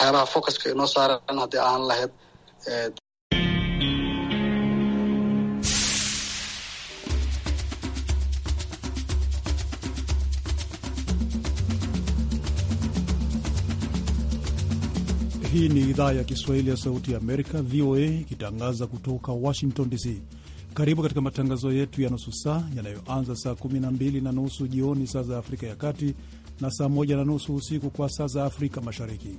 waxyaabaha focuska inoo saaran haddii aan lahayd Hii ni idhaa ya Kiswahili ya Sauti ya Amerika, VOA, ikitangaza kutoka Washington DC. Karibu katika matangazo yetu ya nusu saa yanayoanza saa 12 na nusu jioni saa za Afrika ya Kati na saa 1 na nusu usiku kwa saa za Afrika Mashariki.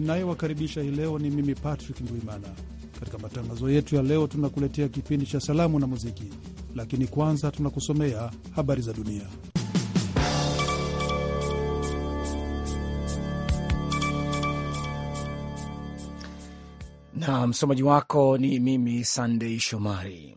ninayewakaribisha hii leo ni mimi Patrick Ndwimana. Katika matangazo yetu ya leo, tunakuletea kipindi cha salamu na muziki, lakini kwanza tunakusomea habari za dunia. na msomaji wako ni mimi Sandei Shomari.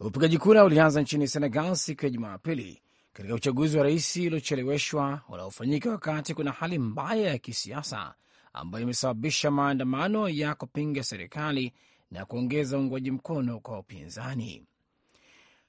Upigaji kura ulianza nchini Senegal siku ya Jumapili katika uchaguzi wa rais uliocheleweshwa unaofanyika wakati kuna hali mbaya ya kisiasa ambayo imesababisha maandamano ya kupinga serikali na kuongeza uungwaji mkono kwa upinzani.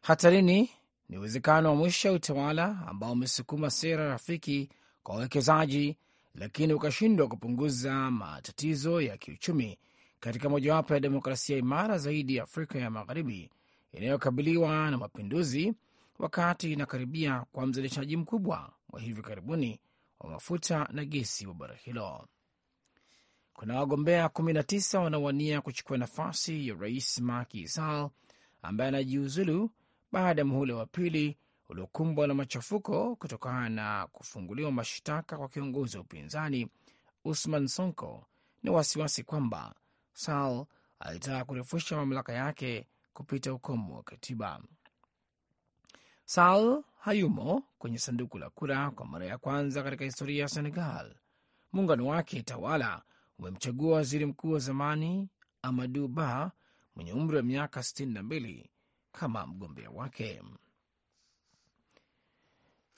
Hatarini ni uwezekano wa mwisho ya utawala ambao umesukuma sera rafiki kwa wawekezaji, lakini ukashindwa kupunguza matatizo ya kiuchumi katika mojawapo ya demokrasia imara zaidi ya Afrika ya Magharibi inayokabiliwa na mapinduzi, wakati inakaribia kwa mzalishaji mkubwa wa hivi karibuni wa mafuta na gesi wa bara hilo kuna wagombea 19 wanaowania kuchukua nafasi ya rais Macky Sall ambaye anajiuzulu baada ya muhula wa pili uliokumbwa na machafuko kutokana na kufunguliwa mashtaka kwa kiongozi wa upinzani Usman Sonko na wasiwasi kwamba Sall alitaka kurefusha mamlaka yake kupita ukomo wa katiba. Sall hayumo kwenye sanduku la kura kwa mara ya kwanza katika historia ya Senegal. Muungano wake tawala umemchagua waziri mkuu wa zamani Amadu Ba mwenye umri wa miaka 62 kama mgombea wake.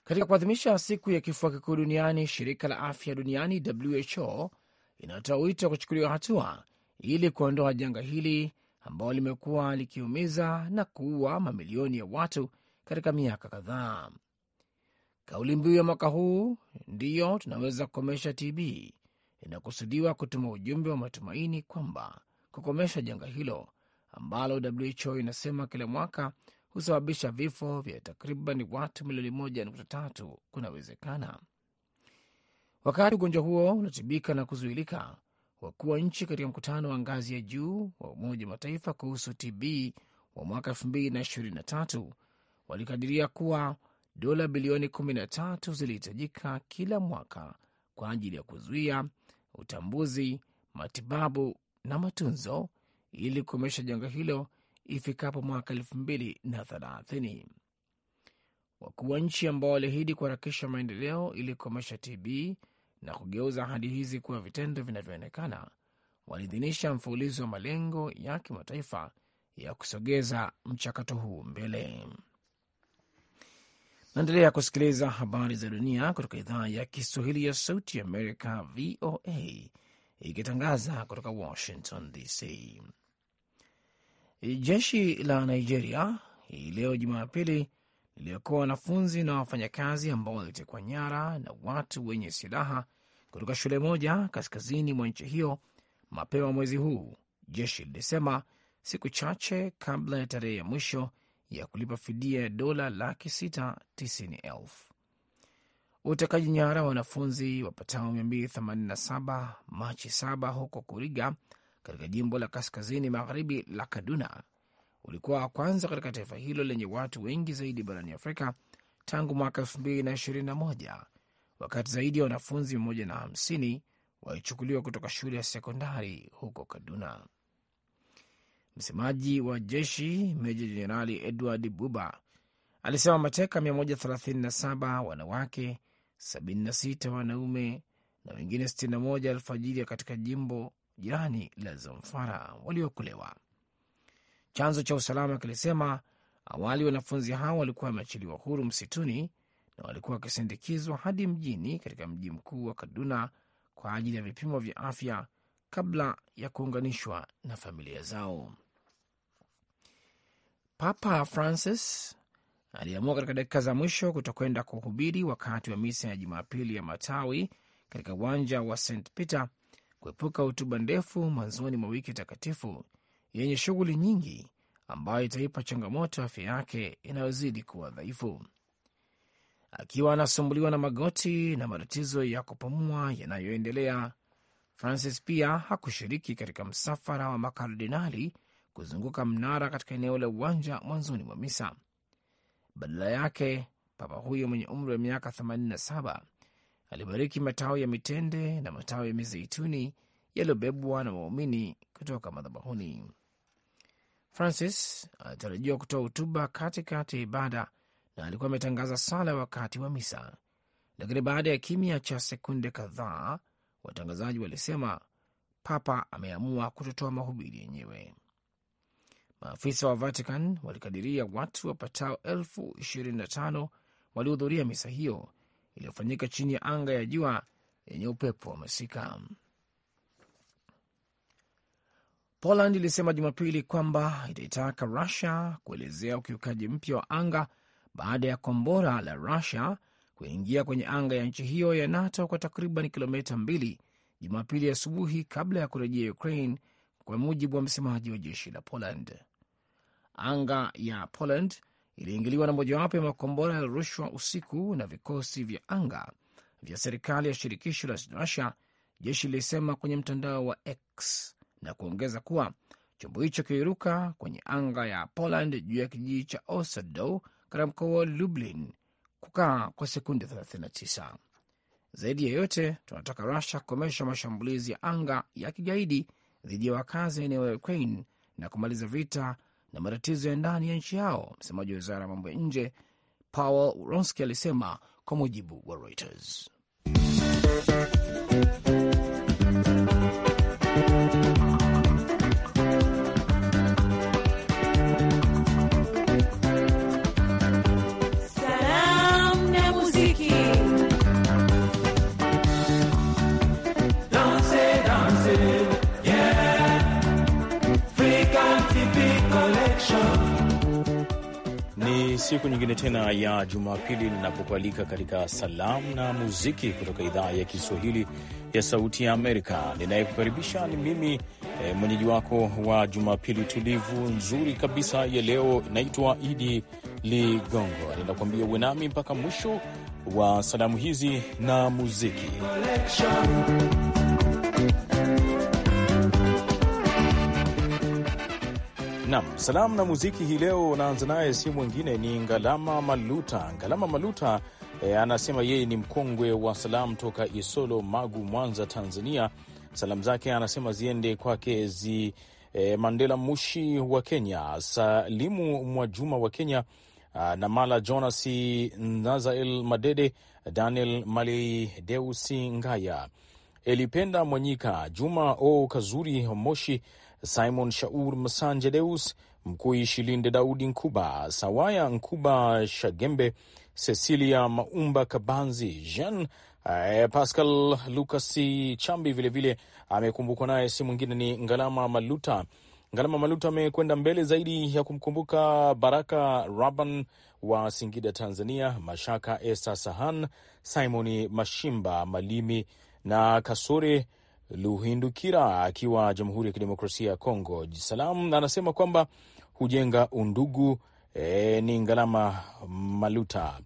Katika kuadhimisha siku ya kifua kikuu duniani, shirika la afya duniani WHO inatoa wito wa kuchukuliwa hatua ili kuondoa janga hili ambalo limekuwa likiumiza na kuua mamilioni ya watu katika miaka kadhaa. Kauli mbiu ya mwaka huu ndiyo tunaweza kukomesha TB inakusudiwa kutuma ujumbe wa matumaini kwamba kukomesha janga hilo ambalo WHO inasema kila mwaka husababisha vifo vya takriban watu milioni moja nukta tatu kunawezekana. Wakati ugonjwa huo unatibika na kuzuilika, wakuu wa nchi katika mkutano wa ngazi ya juu wa Umoja wa Mataifa kuhusu TB wa mwaka 2023 walikadiria kuwa dola bilioni tatu zilihitajika kila mwaka kwa ajili ya kuzuia utambuzi, matibabu na matunzo ili kukomesha janga hilo ifikapo mwaka elfu mbili na thelathini. Wakuu wa nchi ambao waliahidi kuharakisha maendeleo ili kukomesha TB na kugeuza ahadi hizi kuwa vitendo vinavyoonekana waliidhinisha mfululizo wa malengo ya kimataifa ya kusogeza mchakato huu mbele. Naendelea kusikiliza habari za dunia kutoka idhaa ya Kiswahili ya Sauti ya Amerika, VOA, ikitangaza kutoka Washington DC. Jeshi la Nigeria hii leo Jumapili liliokoa wanafunzi na wafanyakazi ambao walitekwa nyara na watu wenye silaha kutoka shule moja kaskazini mwa nchi hiyo mapema mwezi huu, jeshi lilisema siku chache kabla ya tarehe ya mwisho ya kulipa fidia ya dola laki sita tisini elfu. Utekaji nyara wa wanafunzi wapatao 287 Machi 7 huko Kuriga katika jimbo la kaskazini magharibi la Kaduna ulikuwa wa kwanza katika taifa hilo lenye watu wengi zaidi barani Afrika tangu mwaka 2021 wakati zaidi ya wanafunzi 150 walichukuliwa kutoka shule ya sekondari huko Kaduna. Msemaji wa jeshi meja jenerali Edward Buba alisema mateka 137 wanawake, 76 wanaume na wengine 61 alfajiri katika jimbo jirani la Zamfara waliokolewa. Chanzo cha usalama kilisema awali wanafunzi hao walikuwa wameachiliwa huru msituni na walikuwa wakisindikizwa hadi mjini katika mji mkuu wa Kaduna kwa ajili ya vipimo vya afya kabla ya kuunganishwa na familia zao. Papa Francis aliamua katika dakika za mwisho kutokwenda kuhubiri wakati wa misa ya Jumapili ya matawi katika uwanja wa St Peter, kuepuka hotuba ndefu mwanzoni mwa wiki takatifu yenye shughuli nyingi ambayo itaipa changamoto afya yake inayozidi kuwa dhaifu. Akiwa anasumbuliwa na magoti na matatizo ya kupumua yanayoendelea, Francis pia hakushiriki katika msafara wa makardinali kuzunguka mnara katika eneo la uwanja mwanzoni mwa misa. Badala yake, papa huyo mwenye umri wa miaka 87 alibariki matawi ya mitende na matawi ya mizeituni yaliyobebwa na waumini kutoka madhabahuni. Francis alitarajiwa kutoa hotuba katikati ya ibada na alikuwa ametangaza sala wakati wa misa, lakini baada ya kimya cha sekunde kadhaa watangazaji walisema papa ameamua kutotoa mahubiri yenyewe. Maafisa wa Vatican walikadiria watu wapatao elfu ishirini na tano walihudhuria misa hiyo iliyofanyika chini ya anga ya jua yenye upepo wa masika. Poland ilisema Jumapili kwamba itaitaka Rusia kuelezea ukiukaji mpya wa anga baada ya kombora la Rusia kuingia kwenye anga ya nchi hiyo ya NATO kwa takriban kilomita mbili Jumapili asubuhi kabla ya kurejea Ukraine, kwa mujibu wa msemaji wa jeshi la Poland. Anga ya Poland iliingiliwa na mojawapo ya makombora yalirushwa usiku na vikosi vya anga vya serikali ya shirikisho la Russia, jeshi lilisema kwenye mtandao wa X na kuongeza kuwa chombo hicho kiliruka kwenye anga ya Poland juu ya kijiji cha Osado katika mkoa wa Lublin kukaa kwa sekunde 39. Zaidi ya yote, tunataka Rusia kukomesha mashambulizi ya anga ya kigaidi dhidi ya wakazi wa eneo la Ukraine na kumaliza vita na matatizo ya ndani ya nchi yao. Msemaji wa wizara ya mambo ya nje Powell Ronski alisema kwa mujibu wa Reuters. siku nyingine tena ya Jumapili ninapokualika katika salamu na muziki kutoka idhaa ya Kiswahili ya Sauti ya Amerika. Ninayekukaribisha ni mimi e, mwenyeji wako wa Jumapili tulivu nzuri kabisa ya leo. Naitwa Idi Ligongo, ninakuambia uwe nami mpaka mwisho wa salamu hizi na muziki Collection. Nam salamu na muziki hii leo unaanza naye, si mwingine ni Ngalama Maluta. Ngalama Maluta e, anasema yeye ni mkongwe wa salamu toka Isolo, Magu, Mwanza, Tanzania. Salamu zake anasema ziende kwake zi e, Mandela Mushi wa Kenya, Salimu Mwajuma wa Kenya, ah, na Mala Jonasi Nazael Madede, Daniel Malei, Deusi Ngaya, Elipenda Mwanyika, Juma O Kazuri Moshi Simon Shaur Masanje Deus, Mkui Shilinde Daudi Nkuba, Sawaya Nkuba Shagembe, Cecilia Maumba Kabanzi, Jean eh, Pascal Lucas Chambi vilevile amekumbukwa naye, si mwingine ni Ngalama Maluta. Ngalama Maluta amekwenda mbele zaidi ya kumkumbuka Baraka Raban wa Singida, Tanzania, Mashaka Esa Sahan, Simoni Mashimba Malimi na Kasore Luhindukira akiwa Jamhuri ya Kidemokrasia ya Kongo. Salam anasema kwamba hujenga undugu e, ni Ngalama Maluta.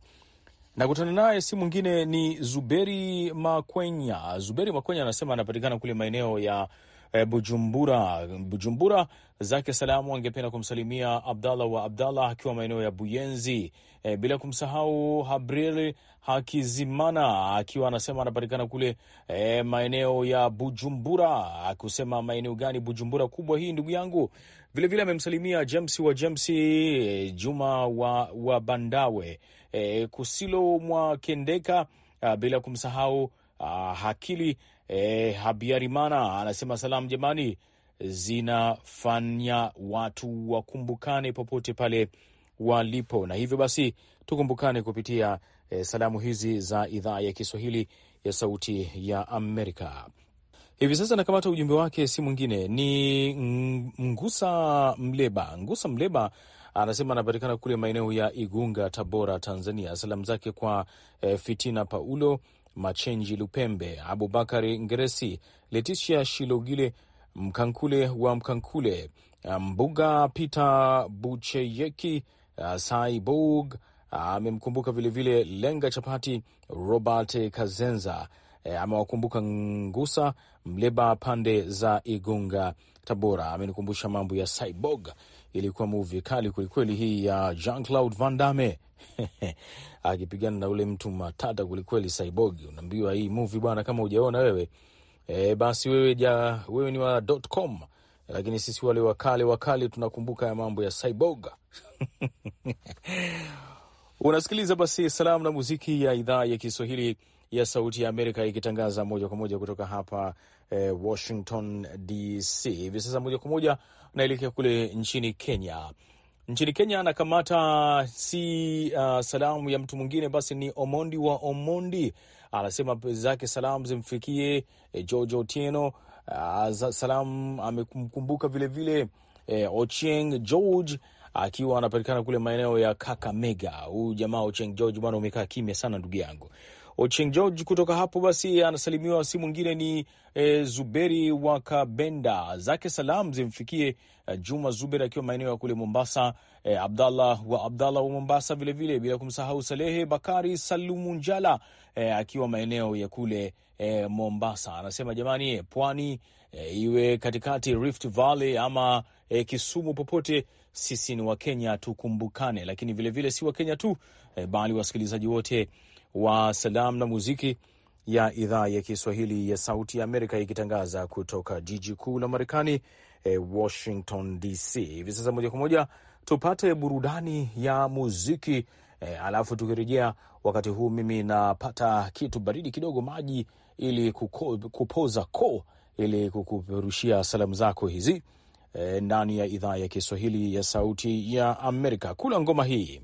Nakutana naye si mwingine ni Zuberi Makwenya. Zuberi Makwenya anasema anapatikana kule maeneo ya eh, Bujumbura. Bujumbura zake salamu angependa kumsalimia Abdallah wa Abdallah akiwa maeneo ya Buyenzi, e, bila kumsahau Habril Hakizimana akiwa anasema anapatikana kule e, maeneo ya Bujumbura. Akusema maeneo gani? Bujumbura kubwa hii, ndugu yangu. Vilevile amemsalimia vile James wa James, e, Juma wa, wa Bandawe, e, Kusilo mwa Kendeka, a, bila kumsahau a, Hakili e, Habiarimana anasema salamu jamani, zinafanya watu wakumbukane popote pale walipo, na hivyo basi tukumbukane kupitia e, salamu hizi za idhaa ya Kiswahili ya Sauti ya Amerika. Hivi sasa nakamata ujumbe wake, si mwingine ni Ngusa Mleba. Ngusa Mleba anasema anapatikana kule maeneo ya Igunga, Tabora, Tanzania. Salamu zake kwa e, Fitina Paulo Machenji Lupembe, Abubakari Ngeresi, letisia Shilogile Mkankule wa Mkankule, Mbuga Peter Bucheyeki, uh, Saibog uh, amemkumbuka vilevile Lenga Chapati, Robert Kazenza uh, amewakumbuka Ngusa Mleba pande za Igunga Tabora. Amenikumbusha mambo ya Cyborg, ilikuwa muvi kali kwelikweli hii ya Jean Claude Van Damme. akipigana na ule mtu matata kwelikweli, Cyborg. Unaambiwa hii movie bwana, kama ujaona wewe e, basi wewe ja, wewe ni wa .com, lakini sisi wale wakale wakale tunakumbuka ya mambo ya Cyborg. Unasikiliza basi salamu na muziki ya idhaa ya Kiswahili ya Sauti ya Amerika ikitangaza moja kwa moja kutoka hapa eh, Washington DC. Hivi sasa moja kwa moja naelekea kule nchini Kenya nchini Kenya. anakamata si uh, salamu ya mtu mwingine basi ni Omondi wa Omondi, anasema zake salamu zimfikie George eh, Otieno. Uh, salamu amemkumbuka vilevile eh, Ochieng George akiwa anapatikana kule maeneo ya Kakamega. Huyu jamaa Ocheng George, bwana umekaa kimya sana ndugu yangu. Ochieng George. Kutoka hapo basi anasalimiwa si mwingine ni e, Zuberi wa Kabenda, zake salam zimfikie e, Juma Zuberi akiwa maeneo ya kule Mombasa, e, Abdallah wa Abdallah wa Mombasa vilevile, bila kumsahau Salehe Bakari Salumu Njala e, akiwa maeneo ya kule e, Mombasa. Anasema jamani, pwani e, iwe katikati Rift Valley ama e, Kisumu, popote sisi ni Wakenya tukumbukane, lakini vilevile si Wakenya tu e, bali wasikilizaji wote wa salam na muziki ya idhaa ya Kiswahili ya Sauti ya Amerika ikitangaza kutoka jiji kuu la Marekani, e, Washington DC. Hivi sasa moja kwa moja tupate burudani ya muziki e, alafu tukirejea, wakati huu mimi napata kitu baridi kidogo, maji ili kuko, kupoza koo ili kukuperushia salamu zako hizi e, ndani ya idhaa ya Kiswahili ya Sauti ya Amerika. Kula ngoma hii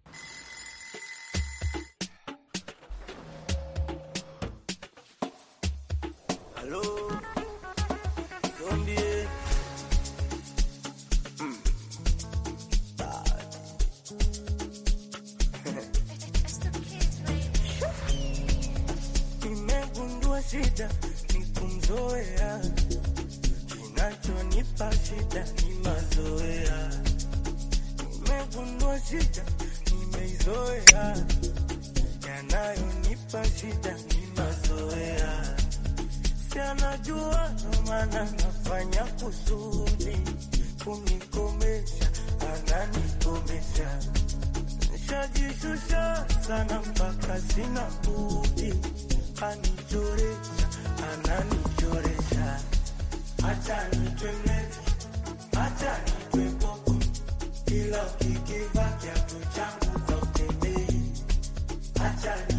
inanipa shida, ni mazoea, si anajua ndo maana nafanya kusudi kunikomesha, ananikomesha, nishajishusha sana mpaka sina budi, anichoresha, ananichoresha, acha nitwemeze, acha nitwepoko, kila ukikivakya tuchangu kwa utembei, acha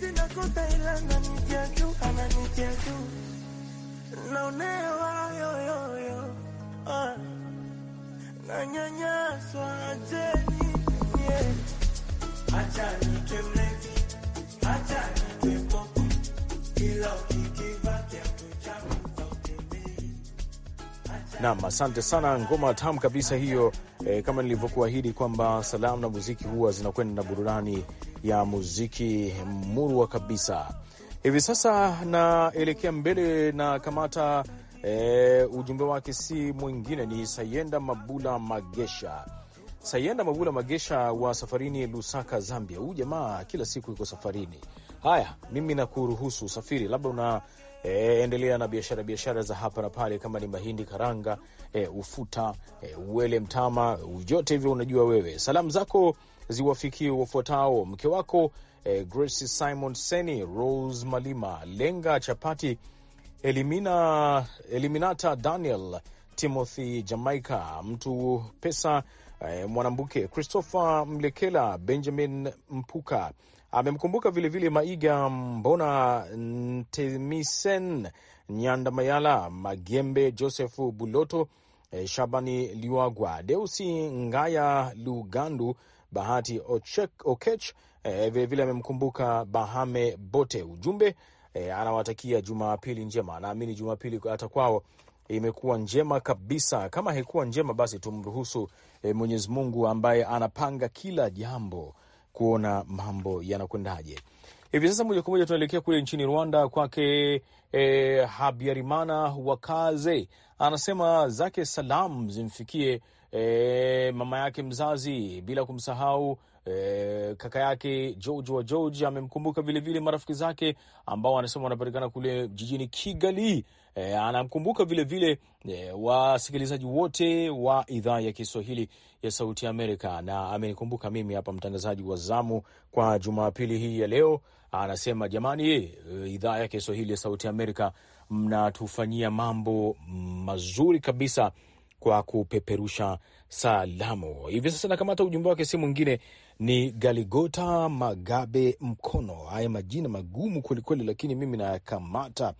sina ah. Nam, asante sana. Ngoma tamu kabisa hiyo E, kama nilivyokuahidi kwamba salamu na muziki huwa zinakwenda na burudani ya muziki murwa kabisa. Hivi sasa naelekea mbele na kamata e, ujumbe wake si mwingine ni Sayenda Mabula Magesha. Sayenda Mabula Magesha wa safarini Lusaka, Zambia. Huyu jamaa kila siku yuko safarini. Haya, mimi nakuruhusu usafiri, labda una e, endelea na biashara biashara za hapa na pale, kama ni mahindi karanga, e, ufuta, e, uwele, mtama, vyote hivyo unajua wewe. Salamu zako ziwafikie wafuatao: mke wako e, Grace Simon Seni, Rose Malima, Lenga Chapati, Elimina, Eliminata Daniel, Timothy Jamaica, mtu pesa, e, Mwanambuke, Christopher Mlekela, Benjamin Mpuka amemkumbuka vilevile Maiga Mbona, Ntemisen Nyandamayala, Magembe Joseph Buloto, eh, Shabani Liwagwa, Deusi Ngaya Lugandu, Bahati Ochek, Okech vilevile eh, amemkumbuka Bahame Bote. Ujumbe e, anawatakia Jumapili njema. Naamini Jumapili hata kwao imekuwa njema kabisa. Kama haikuwa njema, basi tumruhusu e, Mwenyezi Mungu ambaye anapanga kila jambo kuona mambo yanakwendaje. Hivi sasa moja kwa moja tunaelekea kule nchini Rwanda kwake e, Habyarimana Wakaze anasema zake salam zimfikie e, mama yake mzazi, bila kumsahau e, kaka yake George wa George amemkumbuka vilevile, marafiki zake ambao anasema wanapatikana kule jijini Kigali. E, anamkumbuka vilevile e, wasikilizaji wote wa idhaa ya Kiswahili ya Sauti Amerika, na amenikumbuka mimi hapa mtangazaji wa zamu kwa Jumapili hii ya leo. Anasema jamani, e, idhaa ya Kiswahili ya Sauti Amerika mnatufanyia mambo mazuri kabisa kwa kupeperusha salamu. Hivi sasa nakamata ujumbe wake, si mwingine ni Galigota Magabe Mkono. Haya majina magumu kwelikweli, lakini mimi nayakamata.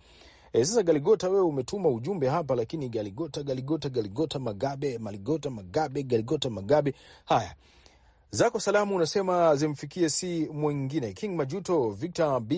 E, sasa Galigota, wewe umetuma ujumbe hapa, lakini Galigota Galigota Galigota Magabe Maligota Magabe Galigota Magabe, haya zako salamu unasema zimfikie si mwingine King Majuto, Victor B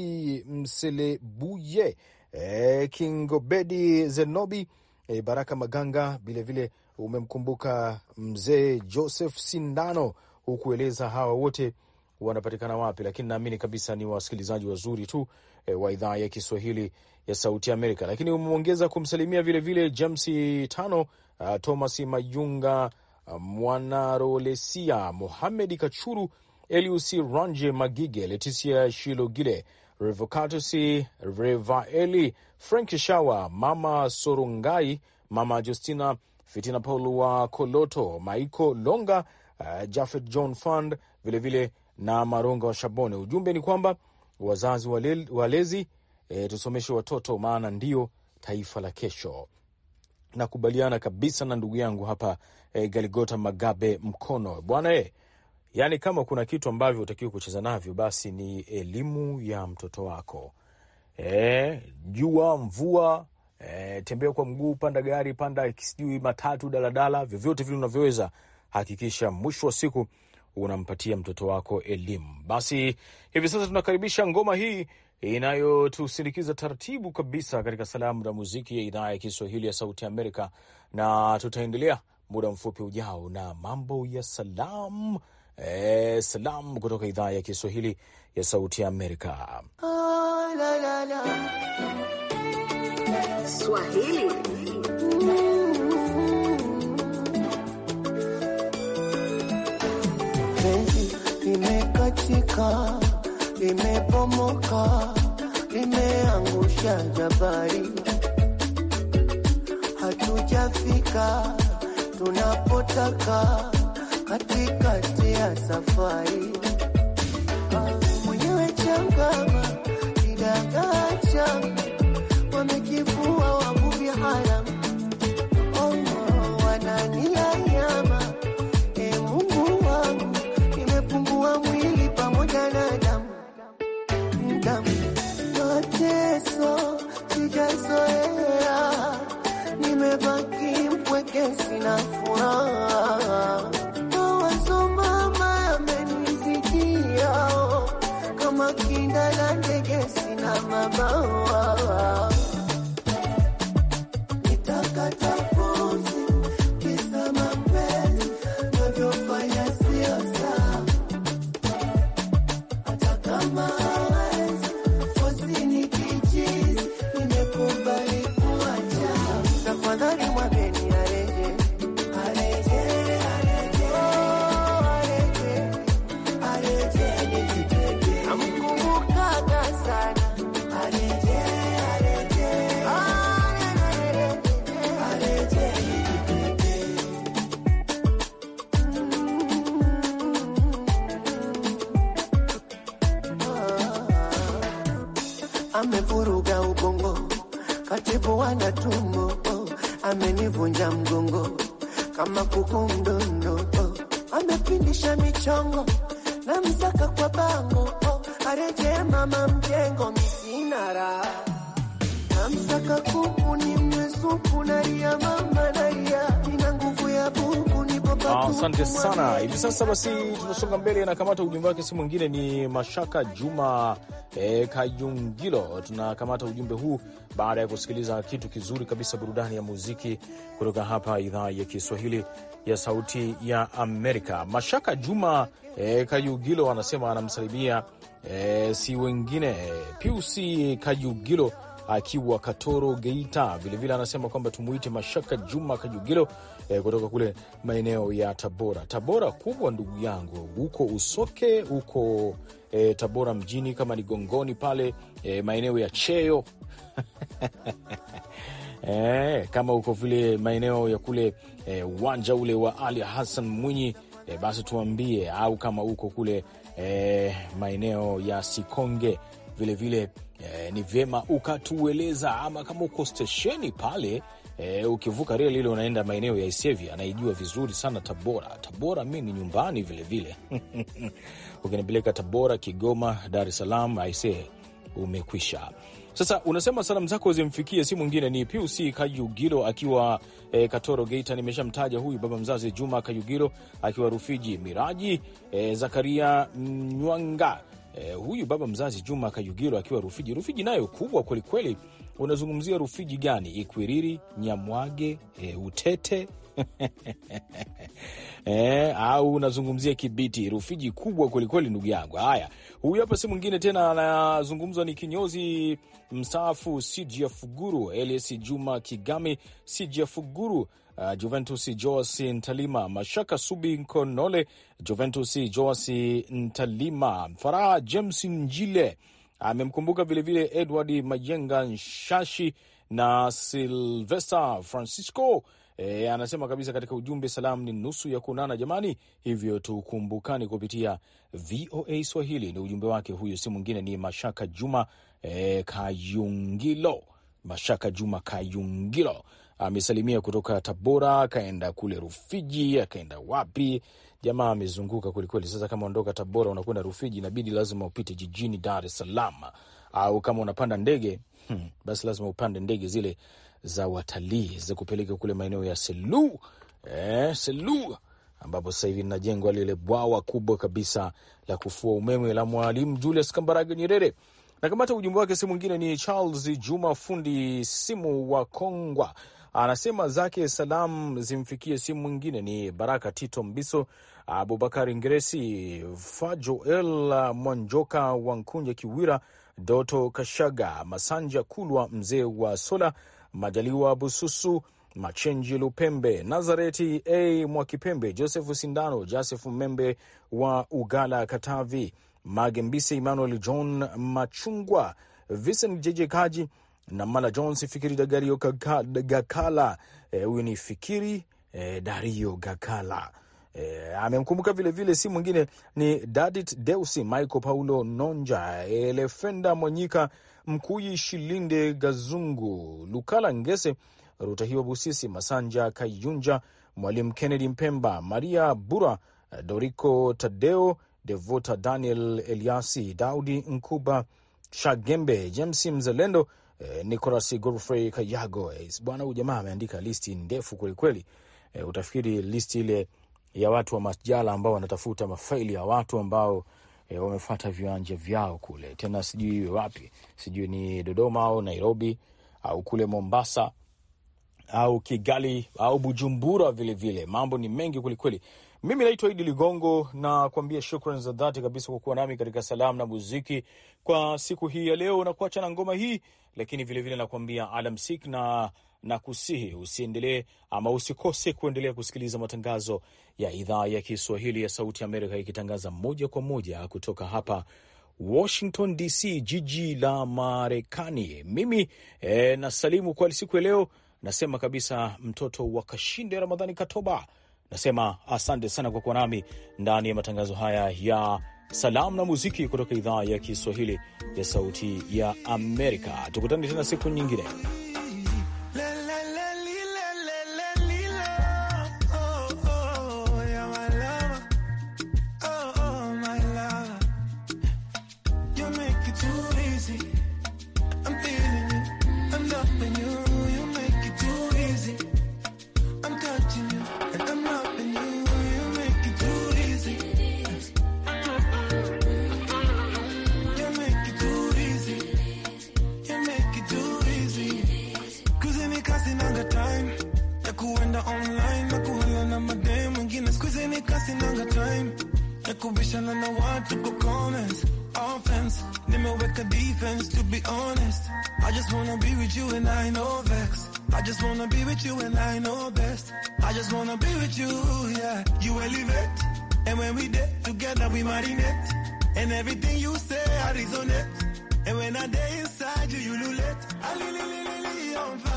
Mselebuye, e, King Obedi Zenobi e, Baraka Maganga, vilevile umemkumbuka mzee Joseph Sindano. Hukueleza hawa wote wanapatikana wapi, lakini naamini kabisa ni wasikilizaji wazuri tu e, wa idhaa ya Kiswahili ya Sauti Amerika. Lakini umeongeza kumsalimia vilevile vile James Tano, uh, Thomas Mayunga, uh, Mwanarolesia Mohamed Kachuru, Eliusi Ranje Magige, Leticia Shilogile Revocatusi Revaeli, Frank Shawa, Mama Sorungai, Mama Justina Fitina, Paul wa Koloto, Maiko Longa, uh, eh, Jafet John Fund vilevile na Maronga wa Shabone. Ujumbe ni kwamba wazazi wale, walezi e, tusomeshe watoto maana ndio taifa la kesho. Nakubaliana kabisa na ndugu yangu hapa e, Galigota Magabe Mkono bwana e Yaani, kama kuna kitu ambavyo utakiwa kucheza navyo, basi ni elimu ya mtoto wako. E, jua, mvua, e, tembea kwa mguu, panda gari, panda sijui matatu, daladala, vyovyote vile unavyoweza, hakikisha mwisho wa siku unampatia mtoto wako elimu. Basi hivi sasa tunakaribisha ngoma hii inayotusindikiza taratibu kabisa katika salamu na muziki ya idhaa ya Kiswahili ya Sauti ya Amerika, na tutaendelea muda mfupi ujao na mambo ya salamu eh, salam kutoka idhaa ya Kiswahili ya Sauti ya Amerika. Ah, la, la, la. Swahili limekatika, limepomoka, limeangusha jabari, hatujafika tunapotaka katikati ya safari mwenyewe wavuvi haya about mdomo oh, amenivunja mgongo kama kuku mdondo oh, amepindisha michongo na mzaka kwa bango oh, arejee mama mjengo misinara na mzaka kuku ni mwezuku naria mama naria ina nguvu ya bubu Asante sana. Hivi sasa basi tunasonga mbele, anakamata ujumbe wake si mwingine ni Mashaka Juma e, Kayungilo. Tunakamata ujumbe huu baada ya kusikiliza kitu kizuri kabisa, burudani ya muziki kutoka hapa idhaa ya Kiswahili ya Sauti ya Amerika. Mashaka Juma e, eh, Kajungilo anasema anamsalimia e, si wengine Piusi Kayungilo akiwa Katoro, Geita. Vilevile anasema kwamba tumuite Mashaka Juma Kajugilo eh, kutoka kule maeneo ya Tabora. Tabora kubwa, ndugu yangu, huko Usoke, huko eh, Tabora mjini, kama ni Gongoni pale eh, maeneo ya Cheyo eh, kama huko vile maeneo ya kule eh, uwanja eh, ule wa Ali Hassan Mwinyi eh, basi tuambie, au kama huko kule eh, maeneo ya Sikonge vilevile vile, eh, ni vyema ukatueleza, ama kama uko stesheni pale eh, ukivuka reli ile unaenda maeneo ya Isevya, anaijua vizuri sana Tabora. Tabora mi ni nyumbani vilevile ukinipeleka Tabora, Kigoma, Dar es Salaam, aisee umekwisha. Sasa unasema salamu zako zimfikie, si mwingine ni Pius Kayugiro akiwa e, Katoro Geita. Nimeshamtaja huyu baba mzazi Juma Kayugiro akiwa Rufiji, Miraji e, Zakaria Nywanga eh, huyu baba mzazi Juma Kajugiro akiwa Rufiji. Rufiji nayo kubwa kwelikweli. Unazungumzia Rufiji gani? Ikwiriri, Nyamwage, eh, Utete Eh, au unazungumzia Kibiti, Rufiji kubwa kwelikweli, ndugu yangu. Haya, huyu hapa si mwingine tena, anazungumzwa ni kinyozi mstaafu fuguru Elias Juma Kigami Sijiafuguru, uh, Juventus Joas Ntalima Mashaka Subi Nkonole, Juventus Joas Ntalima Faraha James Njile amemkumbuka uh, vilevile Edward Majenga Nshashi na Silvester Francisco E, anasema kabisa katika ujumbe, salamu ni nusu ya kuonana jamani, hivyo tukumbukani kupitia VOA Swahili. Ni ujumbe wake huyu, si mwingine ni Mashaka Juma e, Kayungilo. Mashaka Juma Kayungilo amesalimia kutoka Tabora, akaenda kule Rufiji, akaenda wapi jamaa amezunguka kwelikweli. Sasa kama ondoka Tabora unakwenda Rufiji, inabidi lazima upite jijini Dar es Salaam, au kama unapanda ndege hmm, basi lazima upande ndege zile za watalii za kupeleka kule maeneo ya Selu, eh, Selu ambapo sasa hivi linajengwa lile bwawa kubwa kabisa la kufua umeme la Mwalimu Julius Kambarage Nyerere. Na kamata ujumbe wake, si mwingine ni Charles Juma, fundi simu wa Kongwa, anasema zake salamu zimfikie, Simu mwingine ni Baraka Tito Mbiso, Abubakari Ngresi, Fajoel Mwanjoka, Wankunja Kiwira, Doto Kashaga, Masanja Kulwa, mzee wa Sola Majaliwa Bususu, Machenji Lupembe, Nazareti A Mwakipembe, Josefu Sindano, Joseph Membe wa Ugala, Katavi, Magembise Emmanuel, John Machungwa, Vincent Jeje Kaji na Mala Jones, Fikiri Dagario Gakala. Huyu e, ni Fikiri e, Dario Gakala. E, amemkumbuka vilevile, si mwingine ni Dadit Deusi Michael Paulo Nonja, Elefenda Mwanyika Mkuyi, Shilinde, Gazungu, Lukala, Ngese, Rutahiwa, Busisi, Masanja, Kayunja, Mwalimu Kennedy Mpemba, Maria Bura, Doriko Tadeo, Devota Daniel, Eliasi Daudi Nkuba, Shagembe James Mzalendo, eh, Nicolas Godfrey Kayago. Eh, bwana huyu jamaa ameandika listi ndefu kwelikweli. Eh, utafikiri listi ile ya watu wa masjala ambao wanatafuta mafaili ya watu ambao e, wamefuata viwanja vyao kule, tena sijui wapi, sijui ni Dodoma au Nairobi au kule Mombasa au Kigali au Bujumbura vilevile vile. Mambo ni mengi kwelikweli. Mimi naitwa Idi Ligongo na kuambia shukrani za dhati kabisa kwa kuwa nami katika salamu na muziki kwa siku hii ya leo, na kuacha na ngoma hii, lakini vilevile nakuambia alamsik na na kusihi usiendelee ama usikose kuendelea kusikiliza matangazo ya idhaa ya Kiswahili ya Sauti ya Amerika ikitangaza moja kwa moja kutoka hapa Washington DC, jiji la Marekani. Mimi e, nasalimu kwa siku ya leo, nasema kabisa mtoto wa Kashinde Ramadhani Katoba, nasema asante sana kwa kuwa nami ndani ya matangazo haya ya salamu na muziki kutoka idhaa ya Kiswahili ya Sauti ya Amerika. Tukutane tena siku nyingine. I could and kubisha want to go comments offense nimeweka defense to be honest I just wanna be with you and I know vex I just wanna be with you and I know best I just wanna be with you yeah you elevate and when we did together we marinate and everything you say I resonate and when I day inside you you lulate ah, I li li li on fire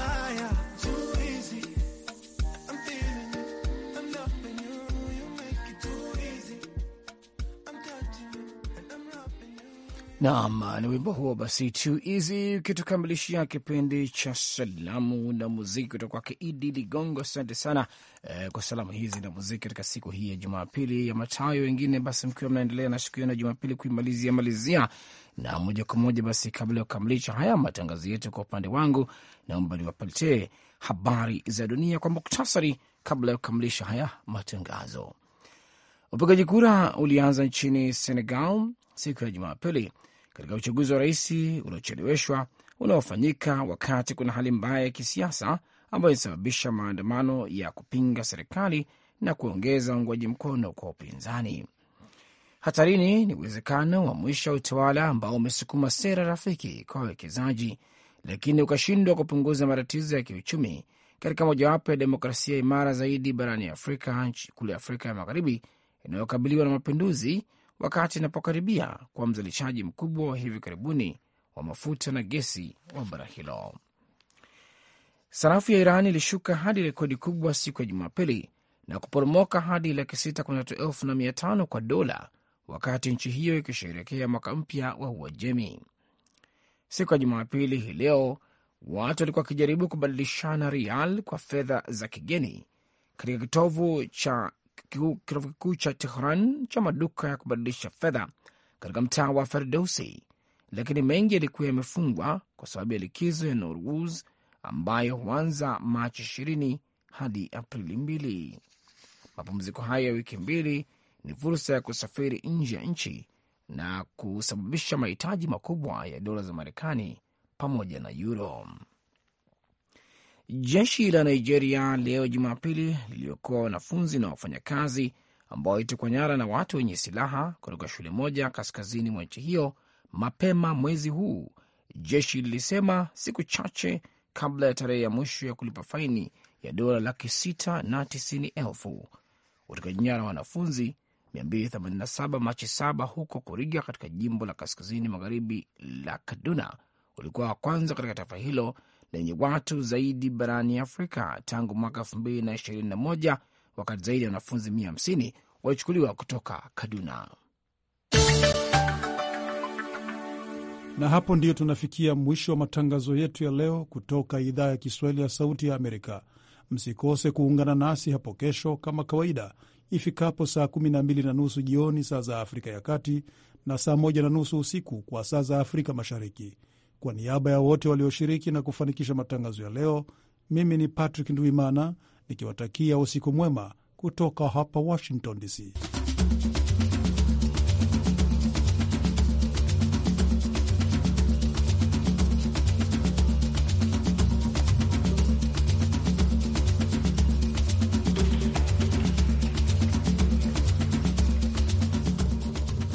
Naam, ni wimbo huo basi too easy ukitukamilishia kipindi cha salamu na muziki kutoka kwake Idi Ligongo. Asante sana eh, kwa salamu hizi na muziki katika siku hii ya Jumapili ya matayo. Wengine basi mkiwa mnaendelea na siku hiyo na Jumapili kuimalizia malizia na moja kwa moja basi, kabla ya kukamilisha haya matangazo yetu, kwa upande wangu naomba niwapatie habari za dunia kwa muktasari, kabla ya kukamilisha haya matangazo. Upigaji kura ulianza nchini Senegal siku ya Jumapili katika uchaguzi wa rais uliocheleweshwa unaofanyika wakati kuna hali mbaya ya kisiasa ambayo inasababisha maandamano ya kupinga serikali na kuongeza uungwaji mkono kwa upinzani. Hatarini ni uwezekano wa mwisho wa utawala ambao umesukuma sera rafiki kwa wawekezaji, lakini ukashindwa kupunguza matatizo ya kiuchumi katika mojawapo ya demokrasia imara zaidi barani Afrika, kule Afrika ya Magharibi inayokabiliwa na mapinduzi wakati inapokaribia kwa mzalishaji mkubwa wa hivi karibuni wa mafuta na gesi wa bara hilo. Sarafu ya Iran ilishuka hadi rekodi kubwa siku ya Jumapili na kuporomoka hadi laki sita kumi na tatu elfu na mia tano kwa dola, wakati nchi hiyo ikisherekea mwaka mpya wa Uajemi. Siku ya Jumapili hii leo watu walikuwa wakijaribu kubadilishana rial kwa fedha za kigeni katika kitovu cha kituo kikuu cha Tehran cha maduka ya kubadilisha fedha katika mtaa wa ferdosi lakini mengi yalikuwa yamefungwa kwa sababu ya likizo ya Nowruz ambayo huanza Machi 20 hadi Aprili 2. Mapumziko hayo ya wiki mbili ni fursa ya kusafiri nje ya nchi na kusababisha mahitaji makubwa ya dola za Marekani pamoja na yuro. Jeshi la Nigeria leo Jumapili liliokoa wanafunzi na wafanyakazi ambao walitekwa nyara na watu wenye silaha kutoka shule moja kaskazini mwa nchi hiyo mapema mwezi huu, jeshi lilisema siku chache kabla ya tarehe ya mwisho ya kulipa faini ya dola laki sita na tisini elfu. Utekaji nyara wanafunzi 287 Machi 7 huko Kuriga katika jimbo la kaskazini magharibi la Kaduna ulikuwa wa kwanza katika taifa hilo lenye watu zaidi barani Afrika tangu mwaka 2021 wakati zaidi ya wanafunzi 150 walichukuliwa kutoka Kaduna. Na hapo ndiyo tunafikia mwisho wa matangazo yetu ya leo kutoka idhaa ya Kiswahili ya Sauti ya Amerika. Msikose kuungana nasi hapo kesho kama kawaida ifikapo saa 12 na nusu jioni saa za Afrika ya Kati na saa 1 na nusu usiku kwa saa za Afrika Mashariki. Kwa niaba ya wote walioshiriki na kufanikisha matangazo ya leo, mimi ni Patrick nduimana nikiwatakia usiku mwema kutoka hapa Washington DC.